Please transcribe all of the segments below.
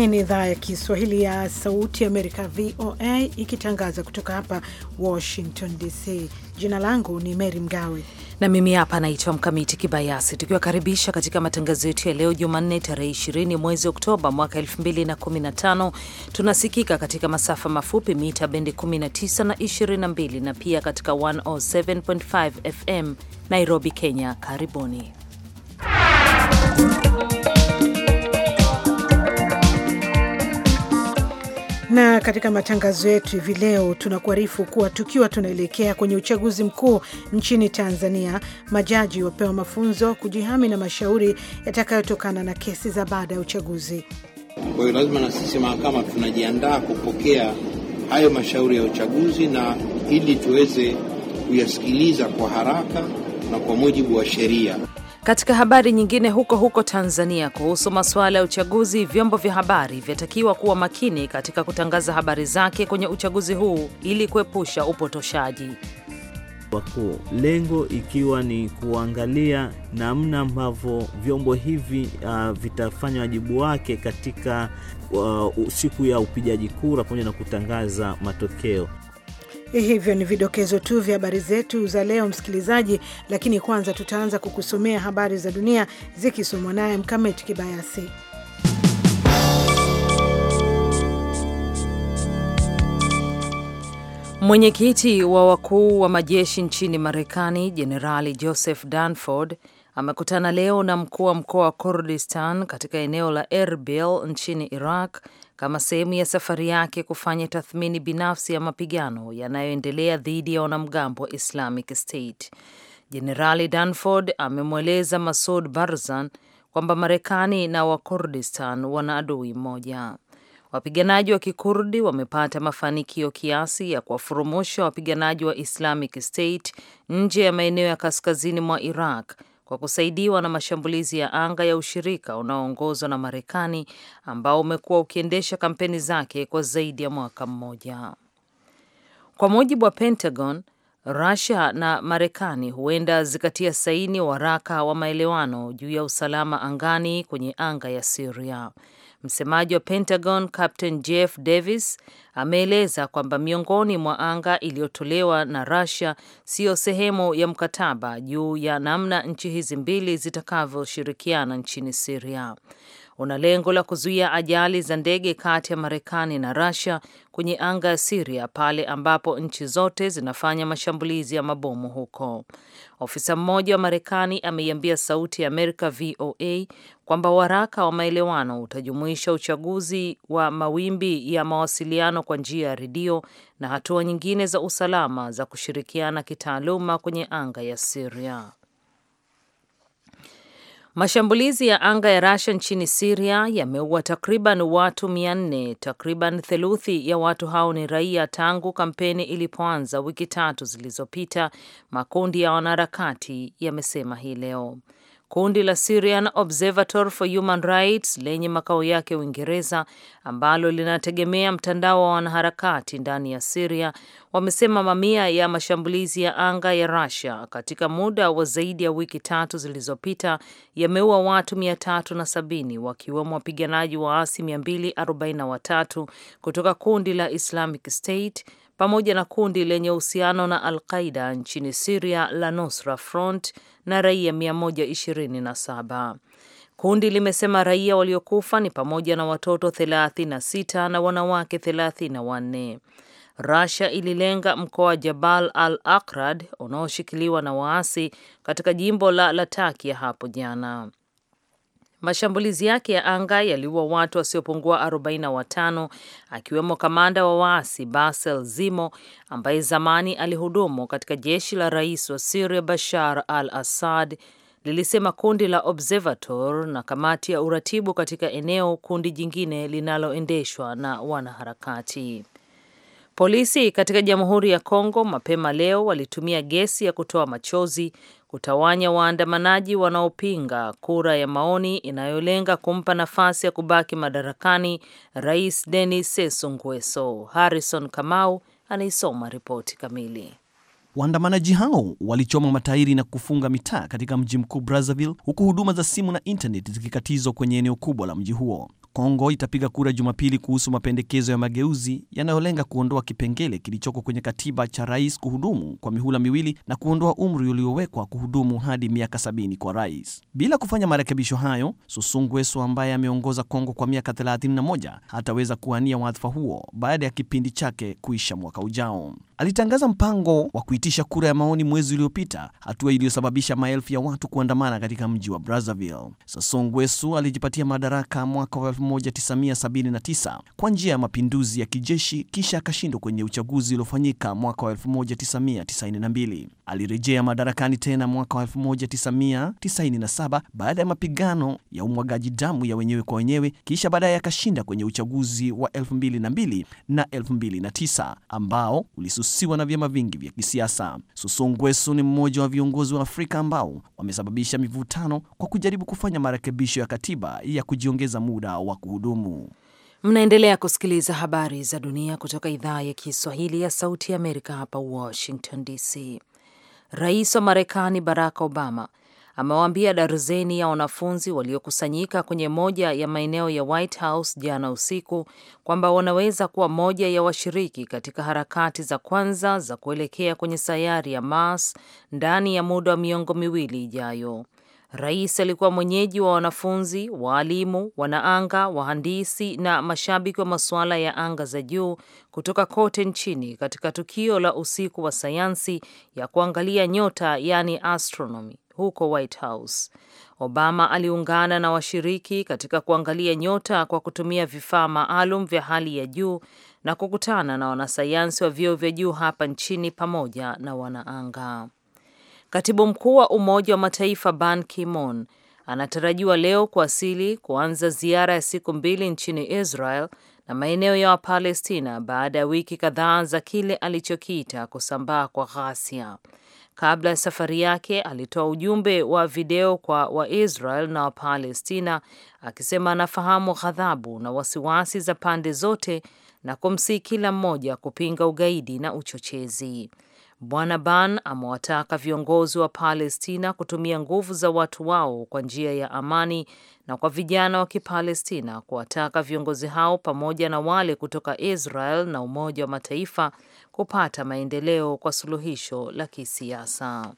Hii ni idhaa ya Kiswahili ya Sauti Amerika, VOA, ikitangaza kutoka hapa Washington DC. Jina langu ni Mary Mgawe na mimi hapa naitwa Mkamiti Kibayasi, tukiwakaribisha katika matangazo yetu ya leo Jumanne tarehe 20 mwezi Oktoba mwaka 2015. Tunasikika katika masafa mafupi mita bendi 19 na 22 na pia katika 107.5 FM Nairobi, Kenya. Karibuni Na katika matangazo yetu hivi leo tunakuarifu kuwa tukiwa tunaelekea kwenye uchaguzi mkuu nchini Tanzania, majaji wapewa mafunzo kujihami na mashauri yatakayotokana na kesi za baada ya uchaguzi. Kwa hiyo lazima na sisi mahakama tunajiandaa kupokea hayo mashauri ya uchaguzi, na ili tuweze kuyasikiliza kwa haraka na kwa mujibu wa sheria. Katika habari nyingine, huko huko Tanzania, kuhusu masuala ya uchaguzi, vyombo vya habari vyatakiwa kuwa makini katika kutangaza habari zake kwenye uchaguzi huu ili kuepusha upotoshaji wakuu, lengo ikiwa ni kuangalia namna ambavyo vyombo hivi uh, vitafanya wajibu wake katika uh, siku ya upigaji kura pamoja na kutangaza matokeo. Hivyo ni vidokezo tu vya habari zetu za leo, msikilizaji, lakini kwanza tutaanza kukusomea habari za dunia zikisomwa naye Mkamiti Kibayasi. Mwenyekiti wa wakuu wa majeshi nchini Marekani, Jenerali Joseph Dunford amekutana leo na mkuu wa mkoa wa Kurdistan katika eneo la Erbil nchini Iraq kama sehemu ya safari yake kufanya tathmini binafsi ya mapigano yanayoendelea dhidi ya wanamgambo wa Islamic State. Jenerali Danford amemweleza Masud Barzan kwamba Marekani na Wakurdistan wana adui mmoja. Wapiganaji wa Kikurdi wamepata mafanikio kiasi ya kuwafurumusha wapiganaji wa Islamic State nje ya maeneo ya kaskazini mwa Iraq kwa kusaidiwa na mashambulizi ya anga ya ushirika unaoongozwa na Marekani ambao umekuwa ukiendesha kampeni zake kwa zaidi ya mwaka mmoja. Kwa mujibu wa Pentagon, Russia na Marekani huenda zikatia saini waraka wa maelewano juu ya usalama angani kwenye anga ya Syria. Msemaji wa Pentagon Captain Jeff Davis ameeleza kwamba miongoni mwa anga iliyotolewa na Russia siyo sehemu ya mkataba juu ya namna nchi hizi mbili zitakavyoshirikiana nchini siria una lengo la kuzuia ajali za ndege kati ya Marekani na rasia kwenye anga ya Siria pale ambapo nchi zote zinafanya mashambulizi ya mabomu huko. Ofisa mmoja wa Marekani ameiambia Sauti ya Amerika VOA kwamba waraka wa maelewano utajumuisha uchaguzi wa mawimbi ya mawasiliano kwa njia ya redio na hatua nyingine za usalama za kushirikiana kitaaluma kwenye anga ya Siria. Mashambulizi ya anga ya Russia nchini Syria yameua takriban watu 400. Takriban theluthi ya watu hao ni raia tangu kampeni ilipoanza wiki tatu zilizopita, makundi ya wanaharakati yamesema hii leo. Kundi la Syrian Observatory for Human Rights lenye makao yake Uingereza, ambalo linategemea mtandao wa wanaharakati ndani ya Syria, wamesema mamia ya mashambulizi ya anga ya Russia katika muda wa zaidi ya wiki tatu zilizopita yameua watu 370 wakiwemo wapiganaji waasi 243 kutoka kundi la Islamic State pamoja na kundi lenye uhusiano na Al-Qaida nchini siria la Nusra Front na raia 127. Kundi limesema raia waliokufa ni pamoja na watoto 36 na wanawake 34. Rasia ililenga mkoa wa Jabal al-Akrad unaoshikiliwa na waasi katika jimbo la Latakia hapo jana. Mashambulizi yake ya anga yaliua watu wasiopungua 45 akiwemo kamanda wa waasi Basel Zimo ambaye zamani alihudumu katika jeshi la rais wa Syria Bashar al-Assad, lilisema kundi la Observator na kamati ya uratibu katika eneo, kundi jingine linaloendeshwa na wanaharakati. Polisi katika Jamhuri ya Kongo mapema leo walitumia gesi ya kutoa machozi kutawanya waandamanaji wanaopinga kura ya maoni inayolenga kumpa nafasi ya kubaki madarakani Rais Denis Sassou Nguesso. Harrison Kamau anaisoma ripoti kamili. Waandamanaji hao walichoma matairi na kufunga mitaa katika mji mkuu Brazzaville, huku huduma za simu na intaneti zikikatizwa kwenye eneo kubwa la mji huo. Kongo itapiga kura Jumapili kuhusu mapendekezo ya mageuzi yanayolenga kuondoa kipengele kilichoko kwenye katiba cha rais kuhudumu kwa mihula miwili na kuondoa umri uliowekwa kuhudumu hadi miaka sabini kwa rais. Bila kufanya marekebisho hayo, Susu Nguesso ambaye ameongoza Kongo kwa miaka 31 hataweza kuania wadhifa huo baada ya kipindi chake kuisha mwaka ujao. Alitangaza mpango wa kuitisha kura ya maoni mwezi uliopita, hatua iliyosababisha maelfu ya watu kuandamana katika mji wa Brazzaville. Sassou Nguesso alijipatia madaraka mwaka wa 1979 kwa njia ya mapinduzi ya kijeshi kisha akashindwa kwenye uchaguzi uliofanyika mwaka wa 1992. Alirejea madarakani tena mwaka wa 1997 baada ya mapigano ya umwagaji damu ya wenyewe kwa wenyewe, kisha baadaye akashinda kwenye uchaguzi wa 2002 na 2009 ambao ulisusiwa na vyama vingi vya kisiasa. Susungwesu ni mmoja wa viongozi wa Afrika ambao wamesababisha mivutano kwa kujaribu kufanya marekebisho ya katiba ya kujiongeza muda wa wa kuhudumu. Mnaendelea kusikiliza habari za dunia kutoka idhaa ya Kiswahili ya Sauti ya Amerika, hapa Washington DC. Rais wa Marekani Barack Obama amewaambia darzeni ya wanafunzi waliokusanyika kwenye moja ya maeneo ya White House jana usiku kwamba wanaweza kuwa moja ya washiriki katika harakati za kwanza za kuelekea kwenye sayari ya Mars ndani ya muda wa miongo miwili ijayo. Rais alikuwa mwenyeji wa wanafunzi, waalimu, wanaanga, wahandisi na mashabiki wa masuala ya anga za juu kutoka kote nchini katika tukio la usiku wa sayansi ya kuangalia nyota, yani astronomy huko White House. Obama aliungana na washiriki katika kuangalia nyota kwa kutumia vifaa maalum vya hali ya juu na kukutana na wanasayansi wa vyeo vya juu hapa nchini pamoja na wanaanga. Katibu mkuu wa Umoja wa Mataifa Ban Ki-moon anatarajiwa leo kuwasili kuanza ziara ya siku mbili nchini Israel na maeneo ya Wapalestina baada ya wiki kadhaa za kile alichokiita kusambaa kwa ghasia. Kabla ya safari yake, alitoa ujumbe wa video kwa Waisrael na Wapalestina akisema anafahamu ghadhabu na wasiwasi za pande zote na kumsihi kila mmoja kupinga ugaidi na uchochezi. Bwana Ban amewataka viongozi wa Palestina kutumia nguvu za watu wao kwa njia ya amani na kwa vijana wa Kipalestina kuwataka viongozi hao pamoja na wale kutoka Israel na Umoja wa Mataifa kupata maendeleo kwa suluhisho la kisiasa.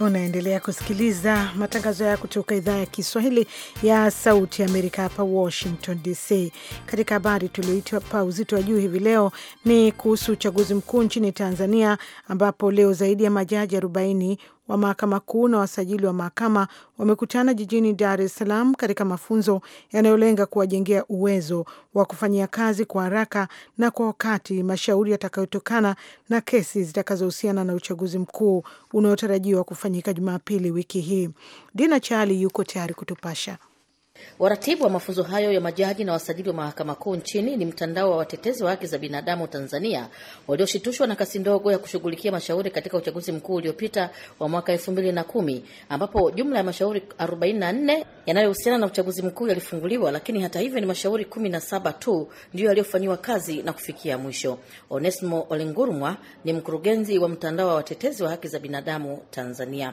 Unaendelea kusikiliza matangazo haya kutoka idhaa ya Kiswahili ya Sauti ya Amerika hapa Washington DC. Katika habari tulioitapa uzito wa juu hivi leo ni kuhusu uchaguzi mkuu nchini Tanzania, ambapo leo zaidi ya majaji 40 wa mahakama kuu na wasajili wa mahakama wamekutana jijini Dar es Salaam katika mafunzo yanayolenga kuwajengea uwezo wa kufanyia kazi kwa haraka na kwa wakati mashauri yatakayotokana na kesi zitakazohusiana na uchaguzi mkuu unaotarajiwa kufanyika Jumapili wiki hii. Dina Chali yuko tayari kutupasha. Waratibu wa mafunzo hayo ya majaji na wasajili wa mahakama kuu nchini ni mtandao wa watetezi wa haki za binadamu Tanzania walioshitushwa na kasi ndogo ya kushughulikia mashauri katika uchaguzi mkuu uliopita wa mwaka elfu mbili na kumi ambapo jumla ya mashauri 44 yanayohusiana na uchaguzi mkuu yalifunguliwa, lakini hata hivyo ni mashauri kumi na saba tu ndiyo yaliyofanyiwa kazi na kufikia mwisho. Onesmo Olengurumwa ni mkurugenzi wa mtandao wa watetezi wa haki za binadamu Tanzania.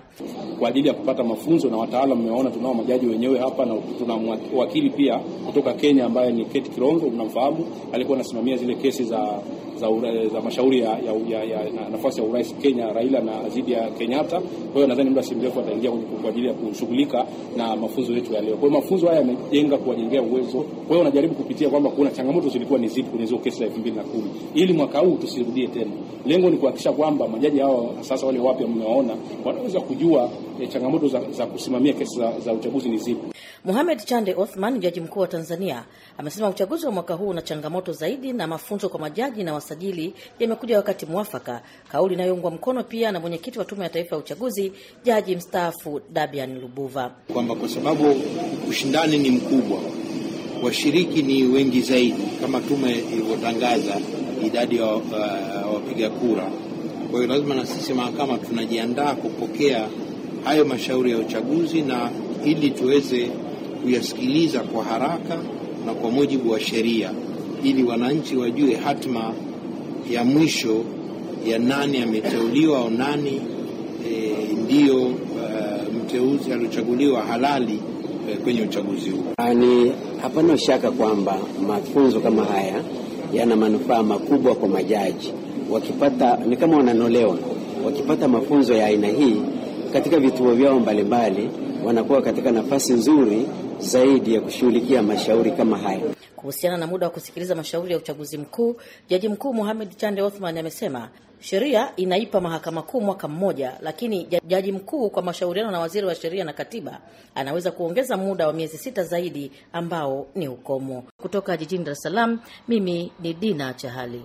Kwa ajili ya kupata mafunzo na wataalam, mmewaona tunao majaji wenyewe hapa na tuna wakili pia kutoka Kenya ambaye ni Kate kirongo mnamfahamu, alikuwa anasimamia zile kesi za za, ura, za mashauri ya, ya, ya, ya nafasi ya urais Kenya Raila na dhidi ya Kenyatta. Kwa hiyo nadhani muda si mrefu ataingia kwa ajili ya kushughulika na mafunzo yetu ya leo. Kwa hiyo mafunzo haya yamejenga kuwajengea uwezo. Kwa hiyo unajaribu kupitia kwamba kuna changamoto zilikuwa ni zipi kwenye hizo kesi za 2010 ili mwaka huu tusirudie tena. Lengo ni kuhakikisha kwamba majaji hao sasa wale wapya mmewaona wanaweza kujua eh, changamoto za, za kusimamia kesi za, za uchaguzi ni zipi. Mohamed Chande Othman, jaji mkuu wa Tanzania, amesema uchaguzi wa mwaka huu una changamoto zaidi na mafunzo kwa majaji na wasajili yamekuja wakati mwafaka, kauli inayoungwa mkono pia na mwenyekiti wa Tume ya Taifa ya Uchaguzi, jaji mstaafu Dabian Lubuva, kwamba kwa sababu ushindani ni mkubwa, washiriki ni wengi zaidi, kama tume ilivyotangaza idadi ya wa, uh, wapiga kura. Kwa hiyo lazima na sisi mahakama tunajiandaa kupokea hayo mashauri ya uchaguzi na ili tuweze kuyasikiliza kwa haraka na kwa mujibu wa sheria, ili wananchi wajue hatima ya mwisho ya nani ameteuliwa au nani e, ndiyo uh, e, mteuzi aliochaguliwa halali uh, kwenye uchaguzi huu. Ni hapana shaka kwamba mafunzo kama haya yana manufaa makubwa kwa majaji. Wakipata ni kama wananolewa, wakipata mafunzo ya aina hii katika vituo vyao mbalimbali, wanakuwa katika nafasi nzuri zaidi ya kushughulikia mashauri kama haya. Kuhusiana na muda wa kusikiliza mashauri ya uchaguzi mkuu, jaji mkuu Mohamed Chande Othman amesema sheria inaipa mahakama kuu mwaka mmoja, lakini jaji mkuu kwa mashauriano na waziri wa sheria na katiba anaweza kuongeza muda wa miezi sita zaidi ambao ni ukomo. Kutoka jijini Dar es Salaam, mimi ni Dina Chahali.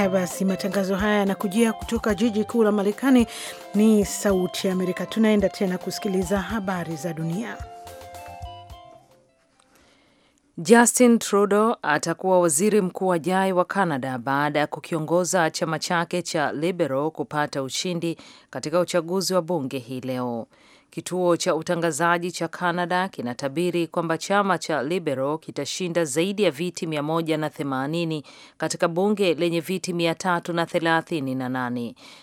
Haya basi, matangazo haya yanakujia kutoka jiji kuu la Marekani. Ni Sauti ya Amerika. Tunaenda tena kusikiliza habari za dunia. Justin Trudeau atakuwa waziri mkuu ajaye wa Canada baada ya kukiongoza chama chake cha Liberal kupata ushindi katika uchaguzi wa bunge hii leo. Kituo cha utangazaji cha Canada kinatabiri kwamba chama cha Liberal kitashinda zaidi ya viti 180 katika bunge lenye viti 338 na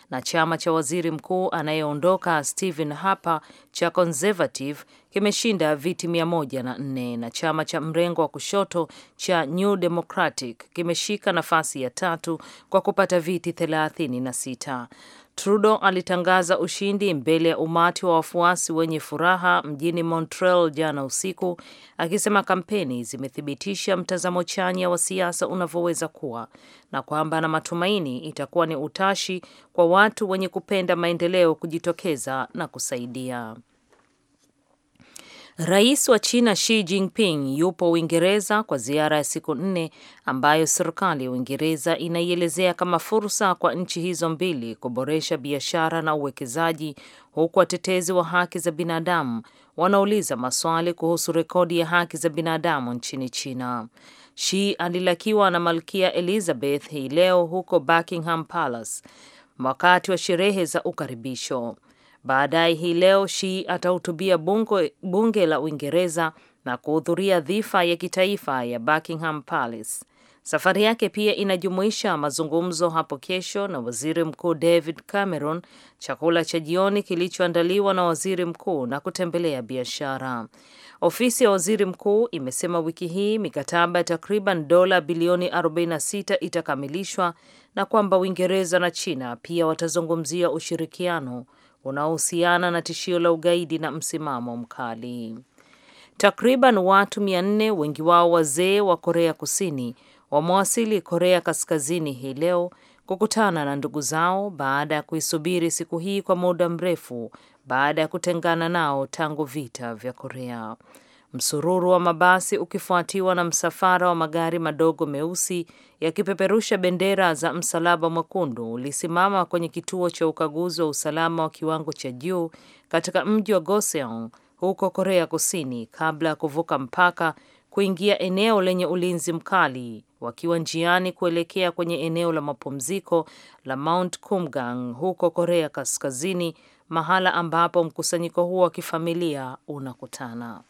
na chama cha waziri mkuu anayeondoka Stephen Harper cha Conservative kimeshinda viti 104 na chama cha mrengo wa kushoto cha New Democratic kimeshika nafasi ya tatu kwa kupata viti 36. Trudeau alitangaza ushindi mbele ya umati wa wafuasi wenye furaha mjini Montreal jana usiku, akisema kampeni zimethibitisha mtazamo chanya wa siasa unavyoweza kuwa na kwamba na matumaini itakuwa ni utashi kwa watu wenye kupenda maendeleo kujitokeza na kusaidia. Rais wa China Xi Jinping yupo Uingereza kwa ziara ya siku nne ambayo serikali ya Uingereza inaielezea kama fursa kwa nchi hizo mbili kuboresha biashara na uwekezaji, huku watetezi wa haki za binadamu wanauliza maswali kuhusu rekodi ya haki za binadamu nchini China. Xi alilakiwa na Malkia Elizabeth hii leo huko Buckingham Palace wakati wa sherehe za ukaribisho. Baadaye hii leo Shi atahutubia bunge la Uingereza na kuhudhuria dhifa ya kitaifa ya Buckingham Palace. Safari yake pia inajumuisha mazungumzo hapo kesho na waziri mkuu David Cameron, chakula cha jioni kilichoandaliwa na waziri mkuu na kutembelea biashara. Ofisi ya waziri mkuu imesema wiki hii mikataba ya takriban dola bilioni 46 itakamilishwa na kwamba Uingereza na China pia watazungumzia ushirikiano unaohusiana na tishio la ugaidi na msimamo mkali. Takriban watu mi4 wengi wao wazee wa Korea Kusini wamewasili Korea Kaskazini hii leo kukutana na ndugu zao baada ya kuisubiri siku hii kwa muda mrefu baada ya kutengana nao tangu vita vya Korea msururu wa mabasi ukifuatiwa na msafara wa magari madogo meusi yakipeperusha bendera za Msalaba Mwekundu ulisimama kwenye kituo cha ukaguzi wa usalama wa kiwango cha juu katika mji wa Goseong huko Korea Kusini kabla ya kuvuka mpaka kuingia eneo lenye ulinzi mkali wakiwa njiani kuelekea kwenye eneo la mapumziko la Mount Kumgang huko Korea Kaskazini, mahala ambapo mkusanyiko huo wa kifamilia unakutana.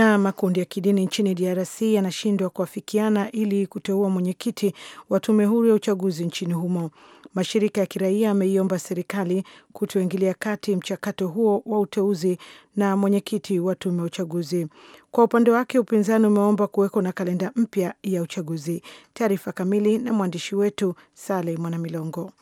na makundi ya kidini nchini DRC yanashindwa kuafikiana ili kuteua mwenyekiti wa tume huru ya uchaguzi nchini humo. Mashirika ya kiraia ameiomba serikali kutoingilia kati mchakato huo wa uteuzi na mwenyekiti wa tume ya uchaguzi. Kwa upande wake, upinzani umeomba kuwekwa na kalenda mpya ya uchaguzi. Taarifa kamili na mwandishi wetu Saleh Mwanamilongo.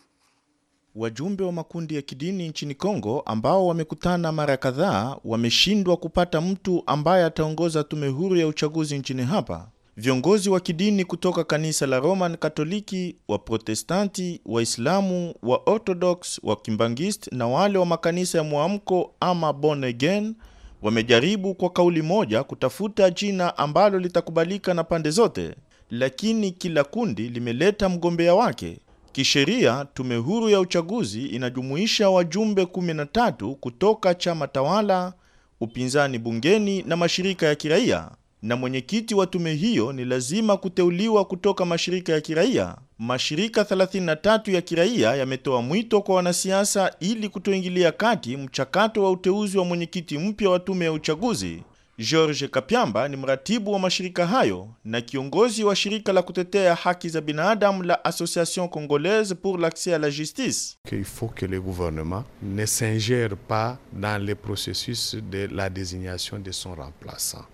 Wajumbe wa makundi ya kidini nchini Kongo ambao wamekutana mara kadhaa wameshindwa kupata mtu ambaye ataongoza tume huru ya uchaguzi nchini hapa. Viongozi wa kidini kutoka kanisa la Roman Katoliki, waprotestanti Waislamu, wa Orthodox, wa Kimbangist na wale wa makanisa ya mwamko ama born again wamejaribu kwa kauli moja kutafuta jina ambalo litakubalika na pande zote, lakini kila kundi limeleta mgombea wake. Kisheria, tume huru ya uchaguzi inajumuisha wajumbe 13 kutoka chama tawala, upinzani bungeni na mashirika ya kiraia, na mwenyekiti wa tume hiyo ni lazima kuteuliwa kutoka mashirika ya kiraia. Mashirika 33 ya kiraia yametoa mwito kwa wanasiasa ili kutoingilia kati mchakato wa uteuzi wa mwenyekiti mpya wa tume ya uchaguzi George kapyamba ni mratibu wa mashirika hayo na kiongozi wa shirika la kutetea haki za binadamu la Association Congolaise pour l'accès à la justice. Il faut que le gouvernement ne s'ingère pas dans le processus de la désignation de son remplaçant.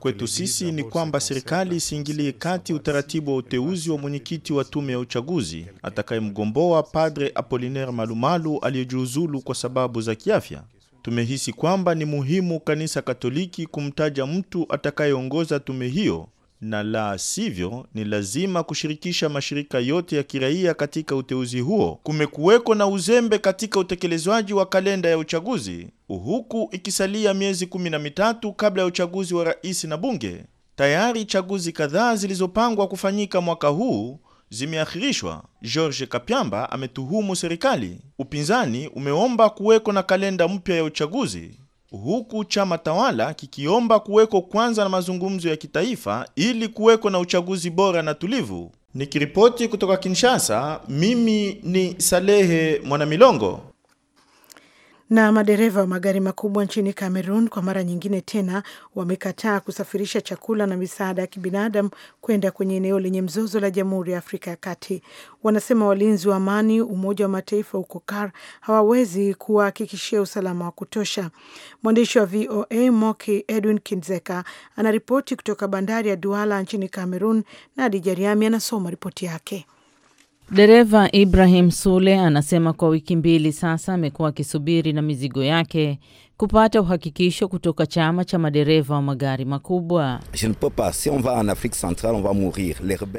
Kwetu sisi ni kwamba serikali isiingilie kati utaratibu wa uteuzi wa mwenyekiti wa tume ya uchaguzi atakayemgomboa Padre Apollinaire Malumalu aliyejiuzulu kwa sababu za kiafya tumehisi kwamba ni muhimu kanisa Katoliki kumtaja mtu atakayeongoza tume hiyo, na la sivyo ni lazima kushirikisha mashirika yote ya kiraia katika uteuzi huo. Kumekuweko na uzembe katika utekelezwaji wa kalenda ya uchaguzi, huku ikisalia miezi kumi na mitatu kabla ya uchaguzi wa rais na bunge. Tayari chaguzi kadhaa zilizopangwa kufanyika mwaka huu zimeahirishwa. George Kapiamba ametuhumu serikali. Upinzani umeomba kuweko na kalenda mpya ya uchaguzi huku chama tawala kikiomba kuweko kwanza na mazungumzo ya kitaifa ili kuweko na uchaguzi bora na tulivu. Nikiripoti kutoka Kinshasa, mimi ni Salehe Mwanamilongo. Na madereva wa magari makubwa nchini Cameroon kwa mara nyingine tena wamekataa kusafirisha chakula na misaada ya kibinadamu kwenda kwenye eneo lenye mzozo la Jamhuri ya Afrika ya Kati. Wanasema walinzi wa amani Umoja wa Mataifa huko CAR hawawezi kuwahakikishia usalama wa kutosha. Mwandishi wa VOA Moki Edwin Kinzeka anaripoti kutoka bandari ya Duala nchini Cameroon na Adijariami anasoma ripoti yake. Dereva Ibrahim Sule anasema kwa wiki mbili sasa amekuwa akisubiri na mizigo yake kupata uhakikisho kutoka chama cha madereva wa magari makubwa.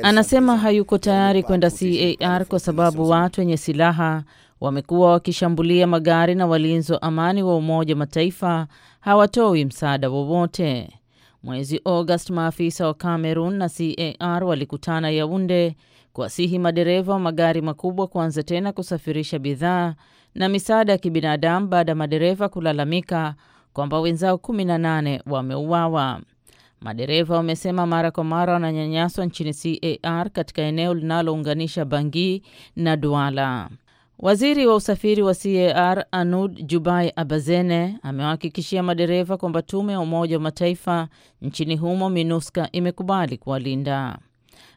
Anasema hayuko tayari kwenda CAR kwa sababu watu wenye silaha wamekuwa wakishambulia magari na walinzi wa amani wa Umoja wa Mataifa hawatoi msaada wowote. Mwezi Agosti, maafisa wa Cameroon na CAR walikutana Yaunde kuwasihi madereva wa magari makubwa kuanza tena kusafirisha bidhaa na misaada ya kibinadamu baada ya madereva kulalamika kwamba wenzao 18 wameuawa. Madereva wamesema mara kwa mara wananyanyaswa nchini CAR katika eneo linalounganisha Bangi na Duala. Waziri wa usafiri wa CAR Anud Jubai Abazene amewahakikishia madereva kwamba tume ya Umoja wa Mataifa nchini humo MINUSCA imekubali kuwalinda.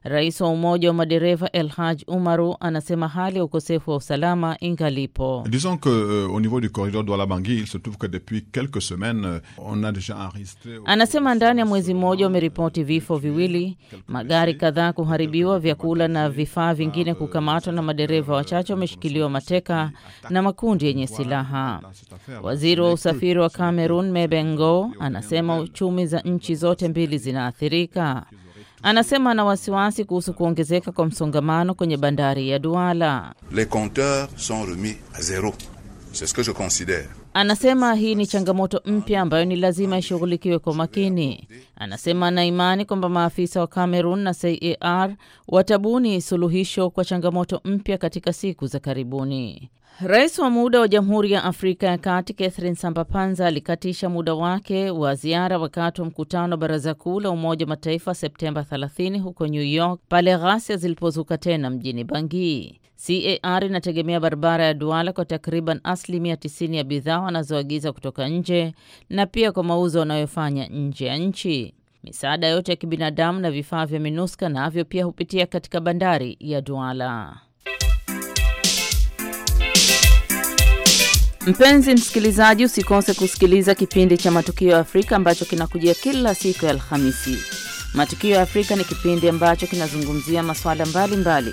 Rais wa Umoja wa Madereva El Haj Umaru anasema hali ya ukosefu wa usalama ingalipo. Disons que euh, au niveau du corridor Douala Bangui il se trouve que depuis quelques semaines euh, on a deja enregistré. Anasema ndani ya mwezi mmoja wameripoti vifo viwili, magari kadhaa kuharibiwa, vyakula na vifaa vingine euh, kukamatwa, na madereva wachache wameshikiliwa mateka na makundi yenye silaha. Waziri wa usafiri wa Cameroon Mebengo anasema uchumi za nchi zote mbili zinaathirika. Anasema ana wasiwasi kuhusu kuongezeka kwa msongamano kwenye bandari ya Duala. Les compteurs sont remis à zero. C'est ce que je considère Anasema hii ni changamoto mpya ambayo ni lazima ishughulikiwe kwa makini. Anasema ana imani kwamba maafisa wa Cameroon na CAR watabuni suluhisho kwa changamoto mpya katika siku za karibuni. Rais wa muda wa Jamhuri ya Afrika ya Kati Catherine Samba-Panza alikatisha muda wake wa ziara wakati wa mkutano wa Baraza Kuu la Umoja wa Mataifa Septemba 30 huko New York pale ghasia zilipozuka tena mjini Bangui. CAR inategemea barabara ya Duala kwa takriban asilimia 90 ya bidhaa wanazoagiza kutoka nje na pia kwa mauzo wanayofanya nje ya nchi. Misaada yote ya kibinadamu na vifaa vya MINUSKA navyo na pia hupitia katika bandari ya Duala. Mpenzi msikilizaji, usikose kusikiliza kipindi cha Matukio ya Afrika ambacho kinakujia kila siku ya Alhamisi. Matukio ya Afrika ni kipindi ambacho kinazungumzia masuala mbalimbali mbali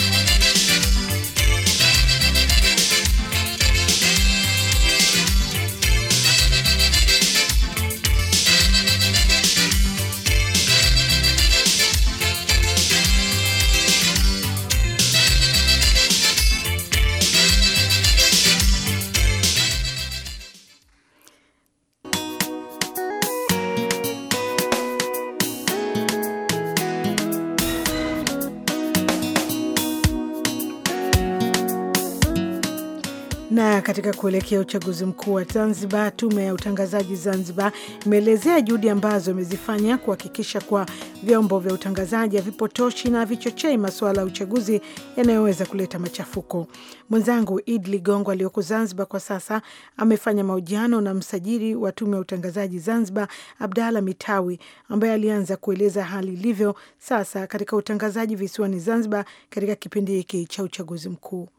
Katika kuelekea uchaguzi mkuu wa Zanzibar, tume ya utangazaji Zanzibar imeelezea juhudi ambazo imezifanya kuhakikisha kuwa vyombo vya utangazaji havipotoshi na havichochei masuala ya uchaguzi yanayoweza kuleta machafuko. Mwenzangu Id Ligongo aliyoko Zanzibar kwa sasa amefanya mahojiano na msajili wa tume ya utangazaji Zanzibar, Abdalla Mitawi, ambaye alianza kueleza hali ilivyo sasa katika utangazaji visiwani Zanzibar katika kipindi hiki cha uchaguzi mkuu.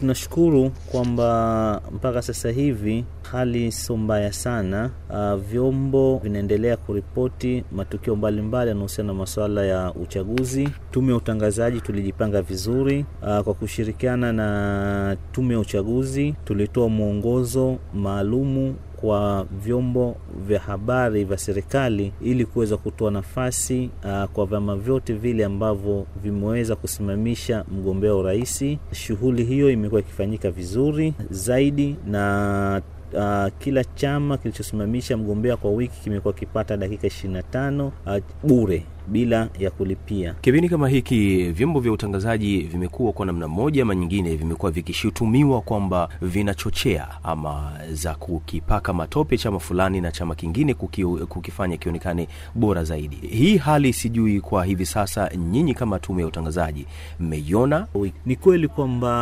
Tunashukuru kwamba mpaka sasa hivi hali sio mbaya sana. Uh, vyombo vinaendelea kuripoti matukio mbalimbali yanahusiana na masuala ya uchaguzi. Tume ya utangazaji tulijipanga vizuri, uh, kwa kushirikiana na tume ya uchaguzi tulitoa mwongozo maalumu kwa vyombo vya habari vya serikali ili kuweza kutoa nafasi uh, kwa vyama vyote vile ambavyo vimeweza kusimamisha mgombea urais. Shughuli hiyo imekuwa ikifanyika vizuri zaidi na uh, kila chama kilichosimamisha mgombea kwa wiki kimekuwa kipata dakika 25 ah, bure bila ya kulipia. Kipindi kama hiki, vyombo vya utangazaji vimekuwa kwa namna moja ama nyingine, vimekuwa vikishutumiwa kwamba vinachochea ama za kukipaka matope chama fulani na chama kingine kuki, kukifanya kionekane bora zaidi. Hii hali sijui kwa hivi sasa nyinyi kama tume ya utangazaji mmeiona? Ni kweli kwamba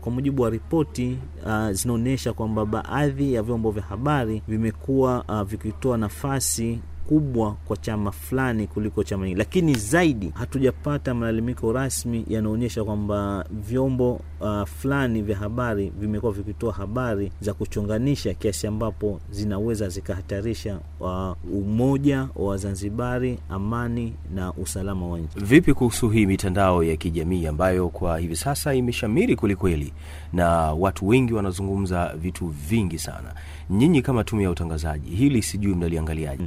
kwa mujibu wa ripoti uh, zinaonyesha kwamba baadhi ya vyombo vya habari vimekuwa uh, vikitoa nafasi kubwa kwa chama fulani kuliko chama nyingine, lakini zaidi hatujapata malalamiko rasmi yanaonyesha kwamba vyombo uh, fulani vya habari vimekuwa vikitoa habari za kuchonganisha kiasi ambapo zinaweza zikahatarisha uh, umoja wa Wazanzibari, amani na usalama wa nchi. Vipi kuhusu hii mitandao ya kijamii ambayo kwa hivi sasa imeshamiri kwelikweli na watu wengi wanazungumza vitu vingi sana? Nyinyi kama tume ya utangazaji, hili sijui mnaliangaliaji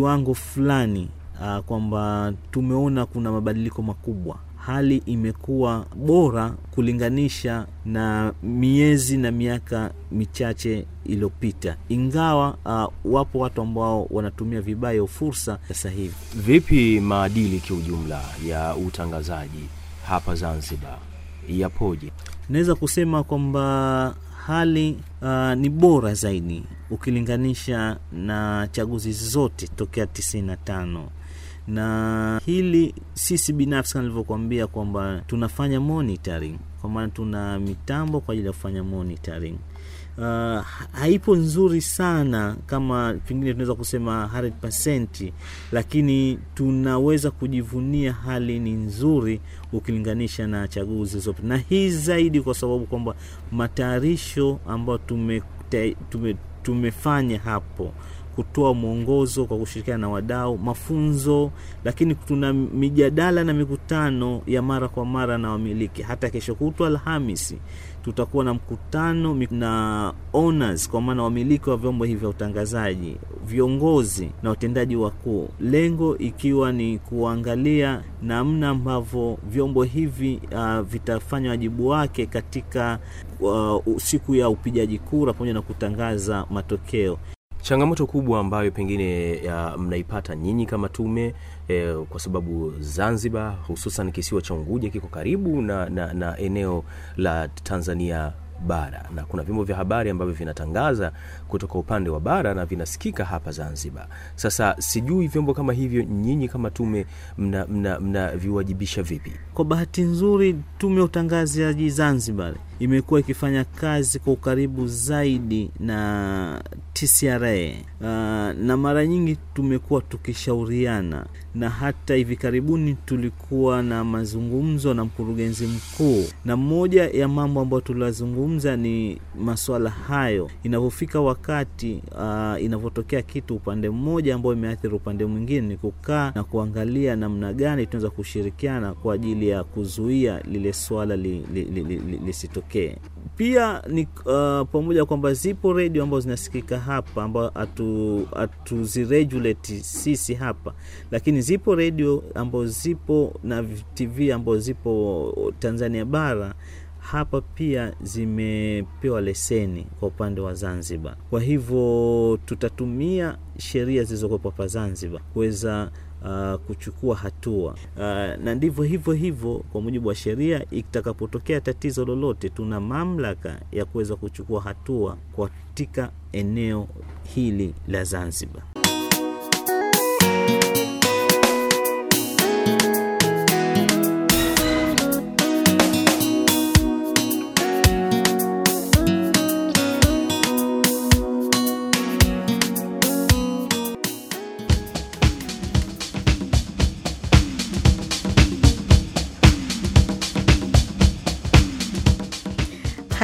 kiwango fulani uh, kwamba tumeona kuna mabadiliko makubwa hali imekuwa bora kulinganisha na miezi na miaka michache iliyopita, ingawa uh, wapo watu ambao wanatumia vibaya fursa sasa hivi. Vipi maadili kiujumla ya utangazaji hapa Zanzibar yapoje? Naweza kusema kwamba hali uh, ni bora zaidi ukilinganisha na chaguzi zote tokea 95 na hili sisi binafsi kama nilivyokuambia kwamba tunafanya monitoring kwa maana tuna mitambo kwa ajili ya kufanya monitoring uh, haipo nzuri sana kama pengine tunaweza kusema 100%, lakini tunaweza kujivunia hali ni nzuri ukilinganisha na chaguzi zilizopita, na hii zaidi kwa sababu kwamba matayarisho ambayo tume, tume, tumefanya hapo kutoa mwongozo kwa kushirikiana na wadau, mafunzo, lakini tuna mijadala na mikutano ya mara kwa mara na wamiliki. Hata kesho kutwa Alhamisi tutakuwa na mkutano na owners, kwa maana wamiliki wa vyombo hivi vya utangazaji, viongozi na watendaji wakuu, lengo ikiwa ni kuangalia namna ambavyo vyombo hivi uh, vitafanya wajibu wake katika uh, siku ya upigaji kura pamoja na kutangaza matokeo changamoto kubwa ambayo pengine ya mnaipata nyinyi kama tume e, kwa sababu Zanzibar hususan kisiwa cha Unguja kiko karibu na, na, na eneo la Tanzania bara na kuna vyombo vya habari ambavyo vinatangaza kutoka upande wa bara na vinasikika hapa Zanzibar. Sasa sijui vyombo kama hivyo nyinyi kama tume mnaviwajibisha mna, mna vipi? Kwa bahati nzuri tume ya utangazaji Zanzibar imekuwa ikifanya kazi kwa ukaribu zaidi na TCRA uh, ah, na mara nyingi tumekuwa tukishauriana, na hata hivi karibuni tulikuwa na mazungumzo na mkurugenzi mkuu, na moja ya mambo ambayo tulazungumza ni masuala hayo, inavyofika wakati uh, ah, inavyotokea kitu upande mmoja ambayo imeathiri upande mwingine, ni kukaa na kuangalia namna gani tunaweza kushirikiana kwa ajili ya kuzuia lile swala lisitokee li, li, li, li, li, li, okay pia ni uh, pamoja kwamba zipo redio ambazo zinasikika hapa ambao hatuziregulate atu sisi hapa lakini zipo redio ambazo zipo na tv ambazo zipo tanzania bara hapa pia zimepewa leseni kwa upande wa zanzibar kwa hivyo tutatumia sheria zilizokwepo hapa zanzibar kuweza uh, kuchukua hatua uh, na ndivyo hivyo hivyo kwa mujibu wa sheria. Itakapotokea tatizo lolote, tuna mamlaka ya kuweza kuchukua hatua katika eneo hili la Zanzibar.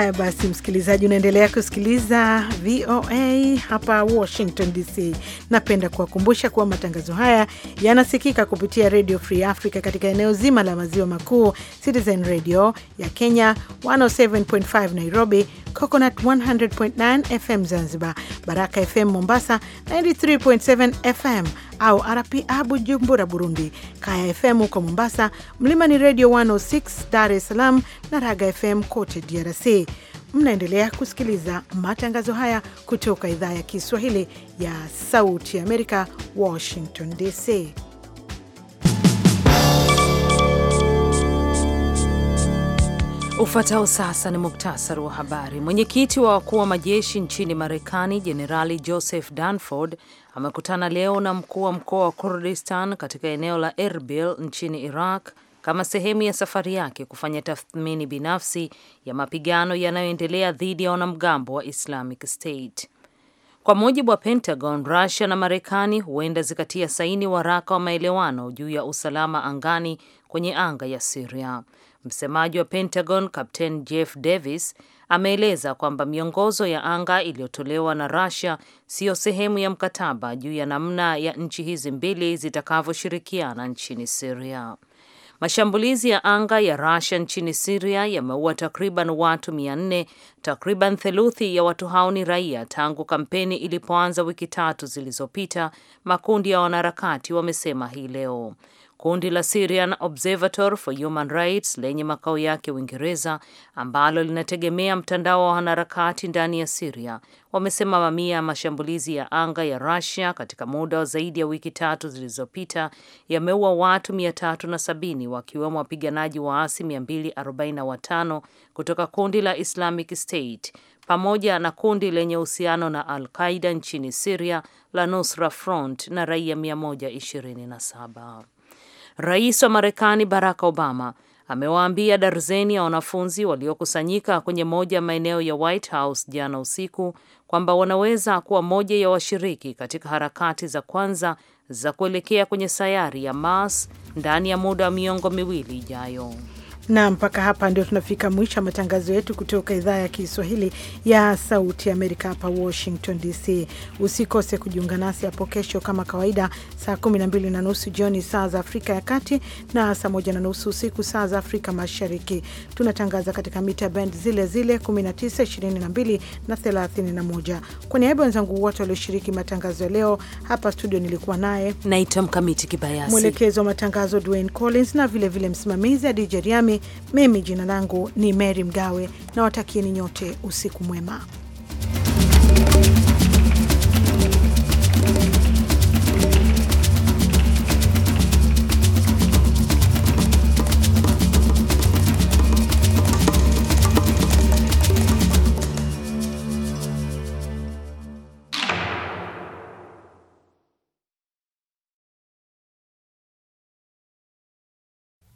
Haya basi, msikilizaji, unaendelea kusikiliza VOA hapa Washington DC. Napenda kuwakumbusha kuwa matangazo haya yanasikika kupitia Radio Free Africa katika eneo zima la maziwa makuu, Citizen Radio ya Kenya 107.5 Nairobi, Coconut 100.9 FM Zanzibar, Baraka FM Mombasa 93.7 FM au RPA Bujumbura, Burundi, Kaya FM huko Mombasa, Mlimani Radio 106 Dar es Salaam na Raga FM kote DRC. Mnaendelea kusikiliza matangazo haya kutoka idhaa ya Kiswahili ya Sauti ya Amerika, Washington DC. Ufuatao sasa ni muktasari wa habari. Mwenyekiti wa wakuu wa majeshi nchini Marekani, Jenerali Joseph Dunford amekutana leo na mkuu wa mkoa wa Kurdistan katika eneo la Erbil nchini Iraq kama sehemu ya safari yake kufanya tathmini binafsi ya mapigano yanayoendelea dhidi ya wanamgambo wa Islamic State. Kwa mujibu wa Pentagon, Russia na Marekani huenda zikatia saini waraka wa maelewano juu ya usalama angani kwenye anga ya Syria. Msemaji wa Pentagon Captain Jeff Davis ameeleza kwamba miongozo ya anga iliyotolewa na Russia siyo sehemu ya mkataba juu ya namna ya nchi hizi mbili zitakavyoshirikiana nchini Syria. Mashambulizi ya anga ya Russia nchini Syria yameua takriban watu 400. Takriban theluthi ya watu hao ni raia tangu kampeni ilipoanza wiki tatu zilizopita, makundi ya wanaharakati wamesema hii leo. Kundi la Syrian Observatory for Human Rights lenye makao yake Uingereza, ambalo linategemea mtandao wa wanaharakati ndani ya siria wamesema mamia ya mashambulizi ya anga ya Russia katika muda wa zaidi ya wiki tatu zilizopita yameua watu 370 wakiwemo wapiganaji waasi 245 kutoka kundi la Islamic State pamoja na kundi lenye uhusiano na Al-Qaida nchini siria la Nusra Front na raia 127. Rais wa Marekani Barack Obama amewaambia darzeni ya wanafunzi waliokusanyika kwenye moja ya maeneo ya White House jana usiku kwamba wanaweza kuwa moja ya washiriki katika harakati za kwanza za kuelekea kwenye sayari ya Mars ndani ya muda wa miongo miwili ijayo na mpaka hapa ndio tunafika mwisho wa matangazo yetu kutoka idhaa ya Kiswahili ya Sauti Amerika hapa Washington DC. Usikose kujiunga nasi hapo kesho kama kawaida, saa kumi na mbili na nusu jioni saa za Afrika ya Kati na saa moja na nusu usiku saa za Afrika Mashariki. Tunatangaza katika mita bend zile zile 19, 22 na 31. Kwa niaba wenzangu wote walioshiriki matangazo ya leo hapa studio, nilikuwa naye naitwa Mkamiti Kibayasi, mwelekezi wa matangazo Dwayne Collins na vilevile msimamizi Adijeriami mimi jina langu ni Mary Mgawe na watakieni nyote usiku mwema.